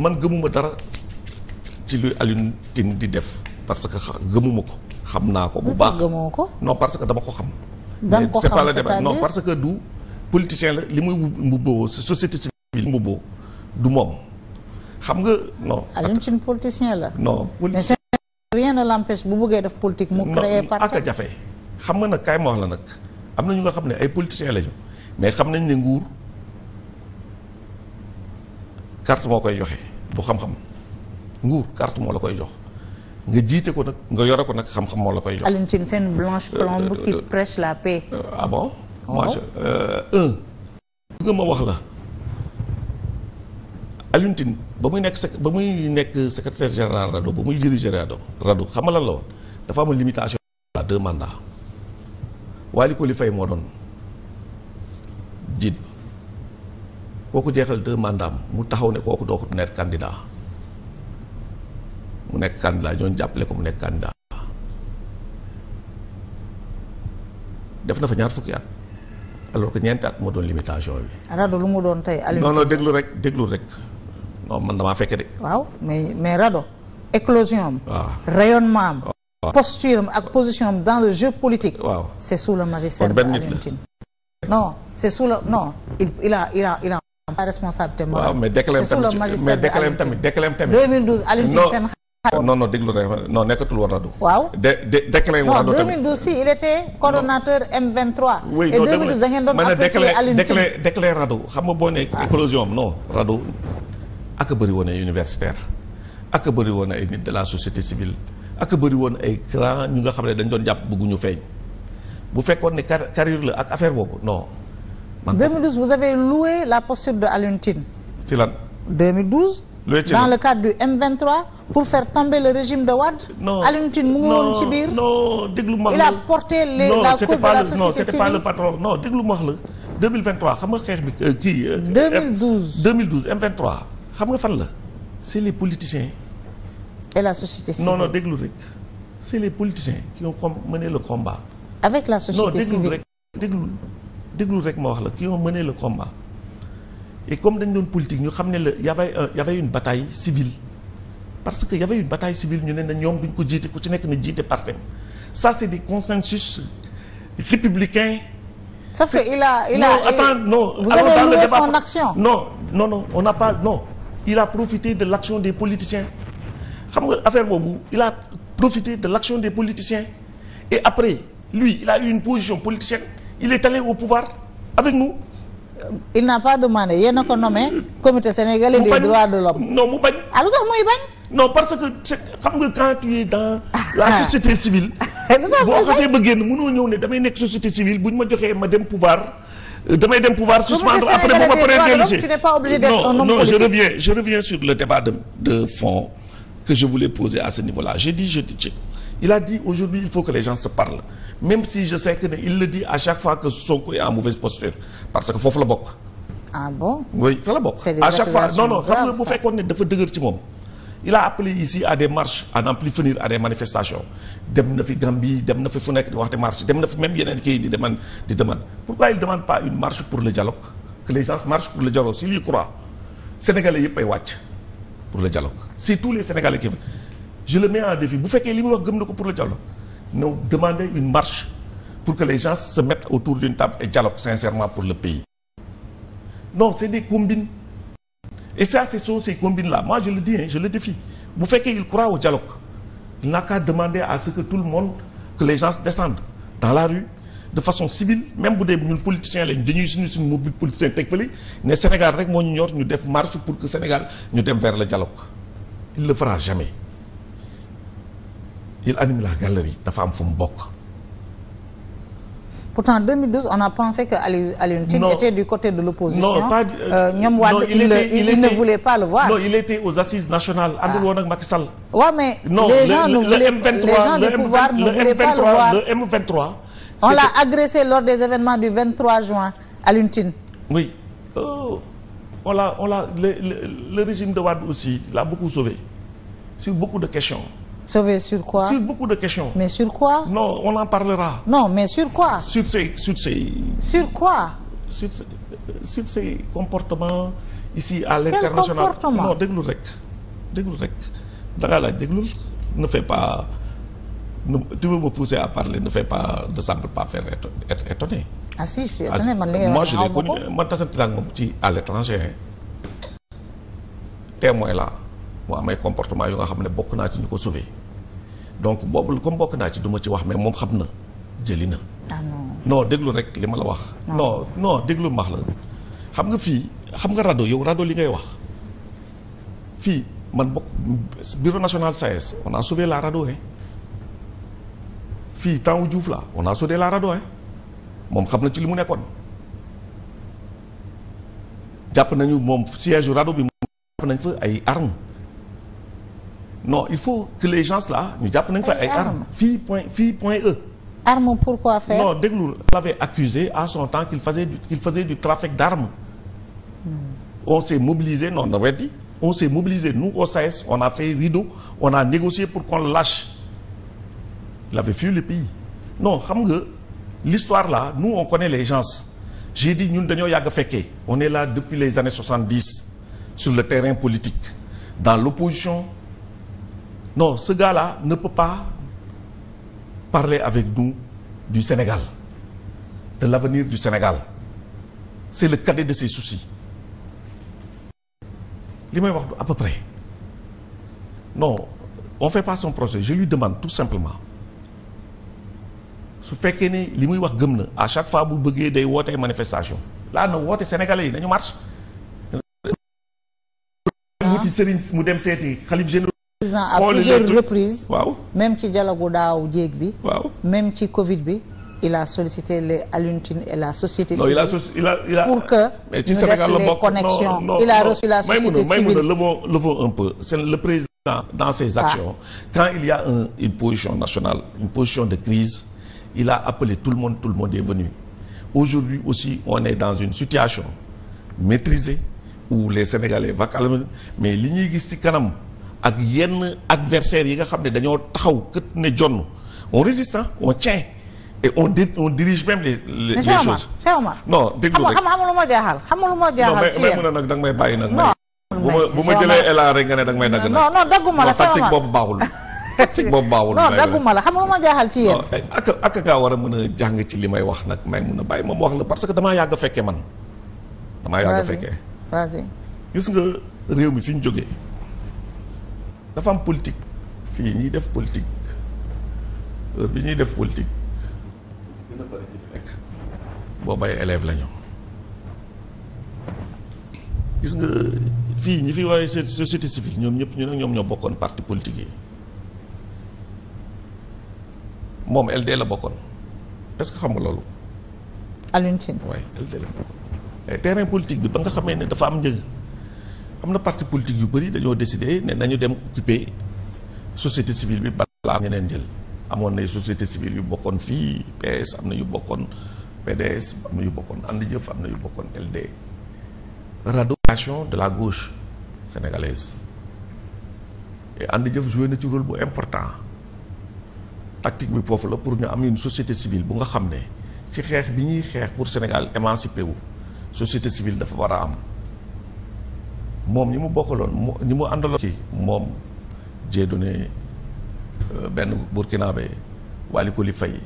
man gëmuma dara ci lu Alioune Tine di def parce que gëmuma ko xam naa ko bu baax gëmoo ko non parce que dama ko xam dama ko xam c'est pas le parce que du politicien la li muy mbubboo société civile mbubboo du moom xam nga non Alioune Tine politicien la non politicien rien ne l'empêche bu bëggee def politique mu créer parti ak jafe xam nga nag kaay ma wax la nag am na ñu nga xam ne ay politiciens lañu mais xam nañ ne nguur carte moo koy joxe du xam-xam nguur carte moo la koy jox nga jiite ko nag nga yore ko nag xam-xam moo la koy jox. Alioune seen Blanche Plomb euh, qui euh, prêche la paix. ba muy nekk sec ba muy nekk secrétaire général rado ba muy diriger RADDHO RADDHO xam nga la woon dafa amul limitation à moo doon jiit. kooku jeexal deux mandats mu taxaw ne kooku dootul nekk candidat mu nekk candidat ñooñu jàppale ko mu nekk candidat. def na fa ñaar fukki at alors que ñeenti at moo doon limitation bi. rado lu mu doon tey. non déglu rek déglu rek non man damaa fekke de. waaw mais mais rado éclosion am. waaw rayonnement posture ak position am dans le jeu politique. waaw c'est sous le magistère de Alioune Tine c'est sous le non il il a il a. la responsabilité morale. waaw mais déclin tamit mais déclin tamit déclin tamit. 2012 Alioune Tine seen xarit. non non déglu rek non nekkatul Waradu. waaw de de déclin Waradu tamit. non 2012 da ma ne déclin déclin Radu xam nga boo nekk ah. éclosion am non Radu ak bëri woon ay universitaire ak bëri woon ay nit de la société civile ak bëri woon ay grand ñu nga xam ne dañ doon jàpp bëgguñu feeñ bu fekkoon ne carrière la ak affaire boobu non. 2012 vous avez loué la posture de Alioune Tine. ci lan. 2012. loué ci lan dans le cadre du M23 pour faire tomber le régime de Wade. non Alioune Tine mu ngi woon ci biir. non déglu ma a porté les la cause de la société civile non c'était pas le patron non xam nga xeex bi euh, kii. 2012 2012 M23 xam nga fan la. c'est les politiciens. et la société civile non non déglu rek c'est les politiciens qui ont mené le combat. avec la société civile rek déglul rek ma wax la qui ont la le combat et comme dañ doon politique ñu xam ne la y avait un y avait une bataille parce que y avait une bataille ñu ne na ñoom duñ ko jiite ku ci nekk na jiite parfait ça c'est des consensus républicains sauf que il a il a non attends non vous avez loué on n'a pas non il de l'action des politiciens xam nga affaire boobu il a profité de l'action des politiciens et après lui il a une position politicienne il est allé au pouvoir avec nous. Euh, il n'a pas demandé yéen a ko nommé comité sénégalais des droits de l'homme non mu bañ. ah lu tax non parce que xam nga quand tu es dans. la ah. société civile. Eh, boo xasee ba génn mënoo ñëw ne damay nekk société civile bu ñu ma joxee ma dem pouvoir euh, damay dem pouvoir suspendre après bu ma paree dellusi. tu n'es pas obligé d'être un homme politique non je reviens sur le débat de de que je voulais poser à ce niveau-là j'ai dit je dis il a di aujourd'hui il faut que les gens se parlent si je sais que ne il le dit à chaque fois que Sonko est en mauvaise posture parce que foofu la bokk. ah bon la bokk. à chaque fois non non xam nga bu fekkoon ne dafa dëgër ci moom. il a appelé ici à des marches à n'en plus finir à des manifestations dem na fi Gambie dem na fi fu nekk di wax des marches dem na fi même yeneen kii di demande di demande pourquoi il demande pas une marche pour le dialogue que les gens marchent pour le dialogue y wàcc pour le dialogue c'est tous les je le mets en défi bu fekkee li muy wax gëm na ko pour le dialogue na demander une marche pour que les gens se mettent autour d'une table et dialoguent sincèrement pour le pays non c'est des combines et ça ce sont ces combines là moi je le dis hein, je le défie bu fekkee il croit au dialogue il n'a qu'à à ce que tout le monde que les gens descendent dans la rue de façon civile même bu dee ñun politiciens lañ dañuy suñu suñu mobile politicien teg fële ne Sénégal rek moo ñu ñor ñu def marche pour que Sénégal ñu dem vers le dialogue il le fera jamais il anime la galerie dafa am fu mu pourtant on a pensé que Alioune était du côté de l'opposition non pas ñoom euh, Wade il il ne voulait pas le voir. il était aux assises nationales. Ah. àndul ak Macky Sall. mais les gens du pouvoir ne voulaient pas le voir le m on l'a agressé lors des événements du 23 juin Alioune Tine. oui oh. on l'a on l'a le régime de Wade aussi l'a beaucoup sauvé sur beaucoup de questions. sauver sur quoi sur de questions. mais sur quoi. non on en parlera. non mais sur quoi. sur ces sur ces. sur quoi. sur ces comportement ces comportements ici à l'international non déglul rek déglul rek dangaa laaj déglul ne fais pas ne tu veux me à parler ne fais pas ne semble pas faire être, ah si je suis ah, man léegi moi je l'ai connu man tasante naa moom ci à l'étranger témoin là. mu am comportement yoo nga xam ne bokk naa ci ñu ko sauvé donc boobu comme bokk naa ci du ma ci wax mais moom xam na jëli na. Ah non déglu rek li ma la wax. non non déglu max la xam nga fii xam nga rajo yow rajo li ngay wax fii man bokk bureau national SAES e on a sauvé la rajo fii temps wu Diouf la on a sauvé la rajo moom xam na ci li mu nekkoon. jàpp nañu moom siège rajo bi jàpp nañ fa ay armes non il faut que les gens là ñu jàpp nañ fa ay armes fii point fii point E. arme pourquoi faire non déglu l'avait accusé à son temps qu'il faisait du qu'il faisait du trafic d'armes mm. on s'est mobilisé non on dit on s'est mobilisé nous au SAES on a fait rideau on a négocié pour qu'on le lâche il avait fui le pays non xam nga l'histoire là nous on connaît les gens j'ai dit ñun dañoo yàgg fekkee on est là depuis les années 70 sur le terrain politique dans l'opposition non ce gars-là ne peut pas parler avec nous du Sénégal de l'avenir du Sénégal c'est le cadet de ses soucis li may wax à peu près non on fait pas son procès je lui demande tout simplement su fekkee ne li muy wax gëm na à chaque fois bu bëggee day woote manifestation laa na woote sénégalais yi nañu marche. mu dem seeti xalif généraux président à plusieurs reprises waaw même ci dialogue daaw jéeg bi waaw même ci Covid bi il a sollicité les Alioune Tine et la société civile. non il a il a pour que mais ci la société civile Maïmouna Maïmouna le président dans ses ah. actions quand il y a une position nationale une position de crise il a appelé tout le monde tout le monde est venu aujourd'hui aussi on est dans une situation maitriser où les Sénégalais va mais li ñuy gis ci kanam ak yenn adversaires yi nga xam ne dañoo taxaw kët ne jonn on résiste on tient et on dit on dirige même les les, les choses. no déglu rek xam nga lu na nag danga may bàyyi nag. non bu ma bu ma jëlee Ela rek nga ne danga may dagg. non non dagguma la tactique boobu baaxul. tactique boobu baaxul. non dagguma la xam nga lu ma jaaxal ci yéen. Eh, ak ak ngaa war a mën a jàng ci li may wax nag may mën a bàyyi moom wax la parce que damaa yàgg fekkee man. damaa yàgg fekkee. vas gis nga réew mi fi ñu dafa am politique fii ñuy def politique heure bi ñuy def politique boo bay élève la ñu gis nga fii ñu fi waaye société civile ñoom ñëpp ñu ne ñoom ñoo bokkoon parti politique yi moom LD la bokkoon est-ce que xam nga loolu Alioune Tine waaye LD la bokkoon terrain politique bi ba nga xamee ne dafa am njëg am na parti politique yu bëri dañoo décidé ne nañu dem occuper société civile bi balaa ñeneen jël amoon na société civile yu bokkoon fii PS am na yu bokkoon PDS am yu bokkoon And Jëf am na yu bokkoon LD radicalisation de la gauche sénégalaise et And Jëf joué na bu important tactique bi foofu la pour ñu am une société civile bu nga xam ne ci xeex bi ñuy xeex pour Sénégal émancipé wu société civile dafa war a am moom ñi mu bokkaloon mu ñi mu àndaloon ci moom Dieudonné benn ko li Faye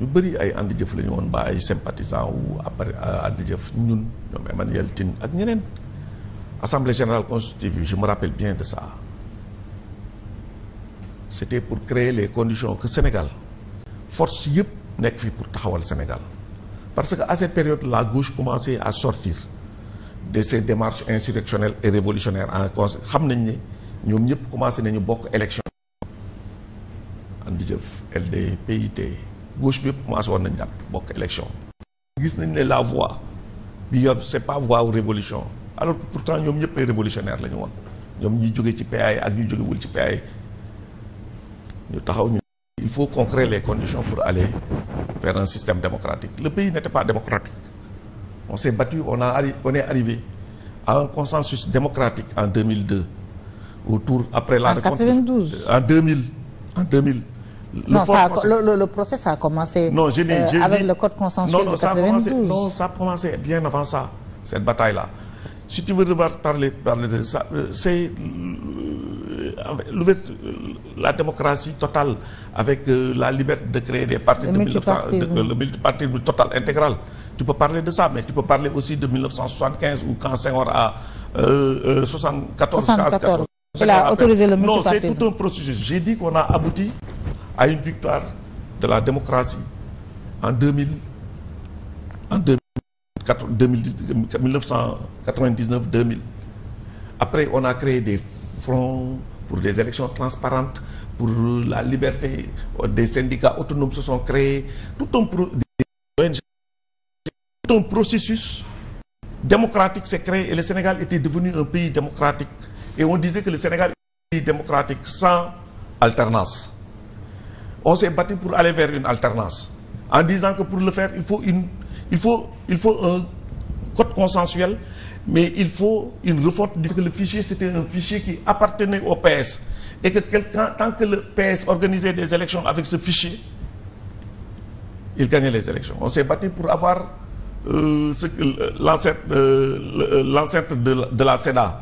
ñu bëri ay ànd jëf lañu ñu woon mbaa ay sympathisant wu après euh, ànd jëf ñun ñoom Emmanuel Tine ak ñeneen assemblée général constitutive bi je me rappelle bien de ça c'était pour créer les conditions que Sénégal force yëpp nekk fi pour taxawal Sénégal parce que à cette période la gauche commençait à sortir de ces démarches insurrectionnelles et révolutionnaires en conseil xam nañ ni ñoom ñëpp commencé nañu bokk élection andi jëf LD PIT gauche bi yëpp commencé woon nañ daal bokk élection gis nañ ne la voie bi yor c'est pas voie ou révolution alors que pourtant ñoom ñëpp ay révolutionnaire la ñu woon ñoom ñuy jóge ci PAI ak ñuy jógewul ci PAI ñu taxaw ñu il faut qu'on crée les conditions pour aller vers un système démocratique le pays n'était pas démocratique on s'est battu on a on est arrivé à un consensus démocratique en 2002 autour après la en réforme 92 en 2000 en 2000 le non ça a, le, procès ça a commencé non je n'ai euh, avec dit, le code consensuel de 92 non ça a commencé bien avant ça cette bataille là si tu veux revoir parler parler de ça euh, c'est euh, la démocratie totale avec euh, la liberté de créer des partis de 1900 euh, le multipartisme total intégral tu peux parler de ça mais tu peux parler aussi de 1975 ou quand Senghor a euh, euh, 74. 74 il a autorisé le multipartisme non c'est tout un processus j'ai dit qu'on a abouti à une victoire de la démocratie en 2000 en 2000 1999 2000 après on a créé des fronts pour des élections transparentes pour la liberté des syndicats autonomes se sont créés tout un pro un processus démocratique s'est créé et le Sénégal était devenu un pays démocratique. Et on disait que le Sénégal était un pays démocratique sans alternance. On s'est battu pour aller vers une alternance. En disant que pour le faire, il faut, une, il faut, il faut un code consensuel, mais il faut une refonte. Dire que le fichier, c'était un fichier qui appartenait au PS. Et que quelqu'un, tant que le PS organisait des élections avec ce fichier, il gagnait les élections. On Euh, ce que l'ancêtre euh, euh, l'ancêtre de la de la Sénat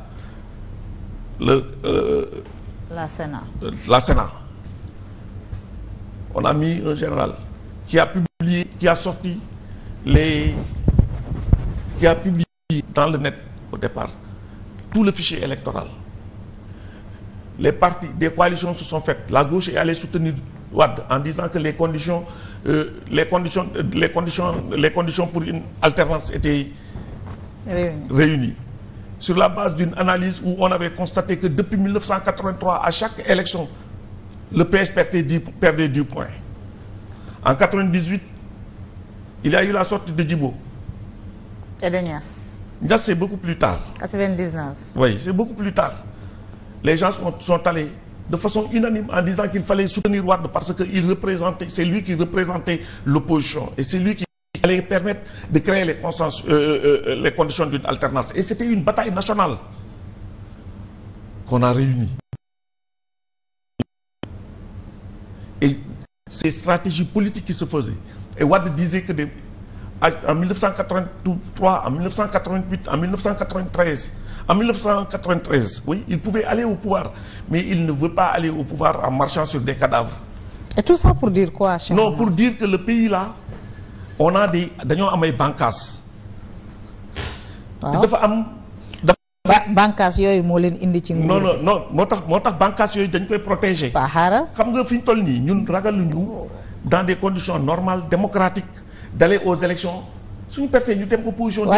le. la Sénat la Sénat on a mis général qui a publié qui a sorti les qui a publié dans le net au départ tout le fichier électoral les partis des coalitions se sont faites la gauche est allée soutenir Wade en disant que les conditions euh, les conditions euh, les conditions les conditions pour une alternance étaient réunies. sur la base d'une analyse où on constaté que depuis 1983 à chaque élection le PS perdait 10, perdait 10 points en 98 il y a la sortie de Djibo et de Niass Niass c'est beaucoup plus tard 99 oui c'est beaucoup de façon unanime en disant qu'il fallait soutenir Wade parce que il représentait c'est lui qui représentait l'opposition et c'est lui qui allait permettre de créer les consensus euh, euh, euh les conditions d'une alternance et c'était une bataille nationale qu'on a réunie et ces stratégies politiques qui se faisaient et Wade disait que des en 1983 en 1988 en 1993 en 1993 oui il pouvait aller au pouvoir mais il ne veut pas aller au pouvoir en marchant sur des cadavres. et tout ça pour dire quoi. Cheikh non pour dire que le pays là on a des dañoo am ay bànqaas. waaw ah. dafa am. ba bànqaas yooyu moo leen indi ci. nguur non non non moo tax moo tax bànqaas yooyu dañ koy protéger. ba xaaral xam nga fi ñu toll nii ñun ragaluñu dans des conditions normales démocratiques. d'aller aux élections suñu perte ñu dem opposition